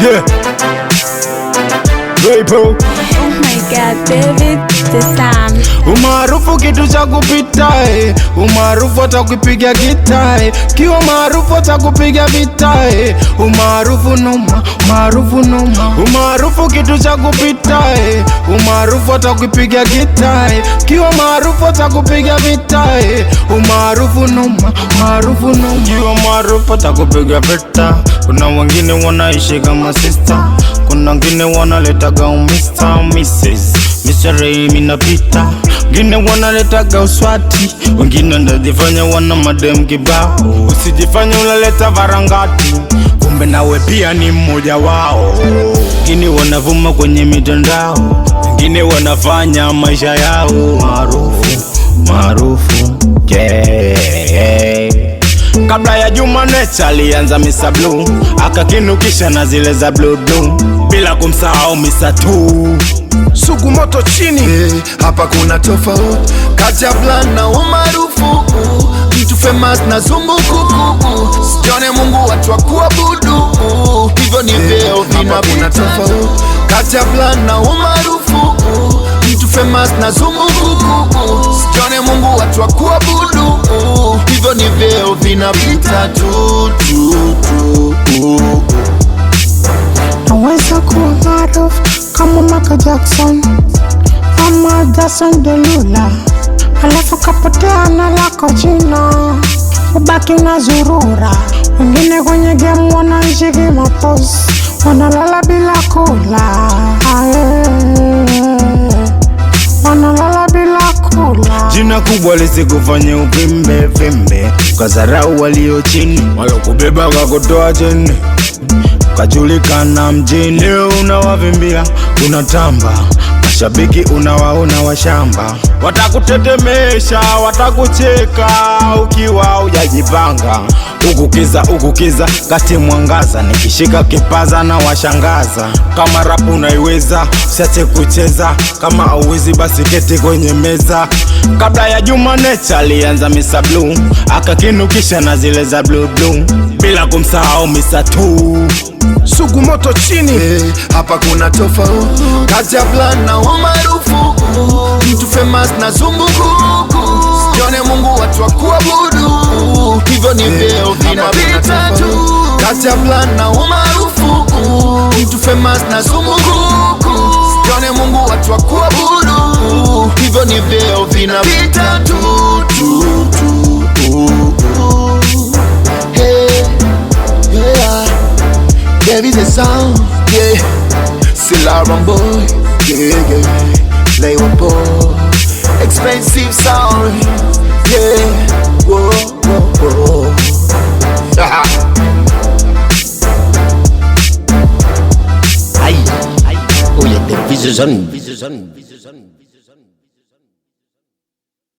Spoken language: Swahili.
Yeah. Hey, bro. Oh my God, baby, this time. Umaarufu kitu cha kupita eh. Umaarufu atakupiga gitae, kiwa maarufu atakupiga vitae. Umaarufu noma, umaarufu noma, umaarufu kitu cha kupitae. Umaarufu atakupiga gitae, kiwa maarufu atakupiga vitae. Umaarufu noma, umaarufu noma, kiwa maarufu atakupiga vita. Kuna wengine wanaishi kama sister, kuna wengine wanaletaga umista mrs sherehe minapita, wengine wanaletaga uswati, wengine ndajifanya wana madem kibao. Usijifanya unaleta varangati, kumbe nawe pia ni mmoja wao. Wengine wanavuma kwenye mitandao, wengine wanafanya maisha yao maarufu maarufu, yeah. Kabla ya Juma Necha alianza Misa Blue, akakinukisha na zile za blue blue, bila kumsahau Misa tu sugu moto chini. Hey, eh, hapa kuna tofauti kati ya blan na umaarufu, mtu famous na zumbu kuku, sione Mungu watu wakuabudu, hivyo ni eh, vyeo vinavuna tofauti kati ya blan na umaarufu, mtu famous na zumbu kuku, sione Mungu watu wa kuabudu, hivyo ni vyeo vinapita tu tu tu. Naweza kuwa maarufu kama Michael Jackson ama Jason Derulo, alafu kapotea na lako jina, ubaki na zurura. Wengine kwenye game wanaishi kimapozi, wanalala bila kula kubwa lisikufanye upimbe pimbe, zarau walio chini, walokubeba wakakutoa chini, ukajulikana mjini. Leo unawavimbia unatamba Shabiki unawaona washamba, watakutetemesha, watakucheka ukiwa ujajipanga. ukukiza ukukiza kati mwangaza, nikishika kipaza na washangaza. Kama rapu unaiweza usiache kucheza, kama auwezi basi keti kwenye meza. Kabla ya Juma Nature alianza Mr Blue, akakinukisha na zile za blue blue, bila kumsahau Mr Two. Sugu moto chini, hey, eh, hapa kuna tofauti kati ya plan na au marufuku, kitu famous na zumbukuku, sione Mungu watu wa kuabudu, hivyo ni vyeo vinapita tu, kati ya plan na umarufuku, kitu famous na zumbukuku, sione Mungu watu wa kuabudu, hivyo ni vyeo vinapita tu tu tu There is a sound, yeah, still I rumble yeah, yeah. Lay were poor, expensive sound, yeah. Whoa, whoa, whoa. Ah, ah. aye. oh, yeah, the vision, vision, vision.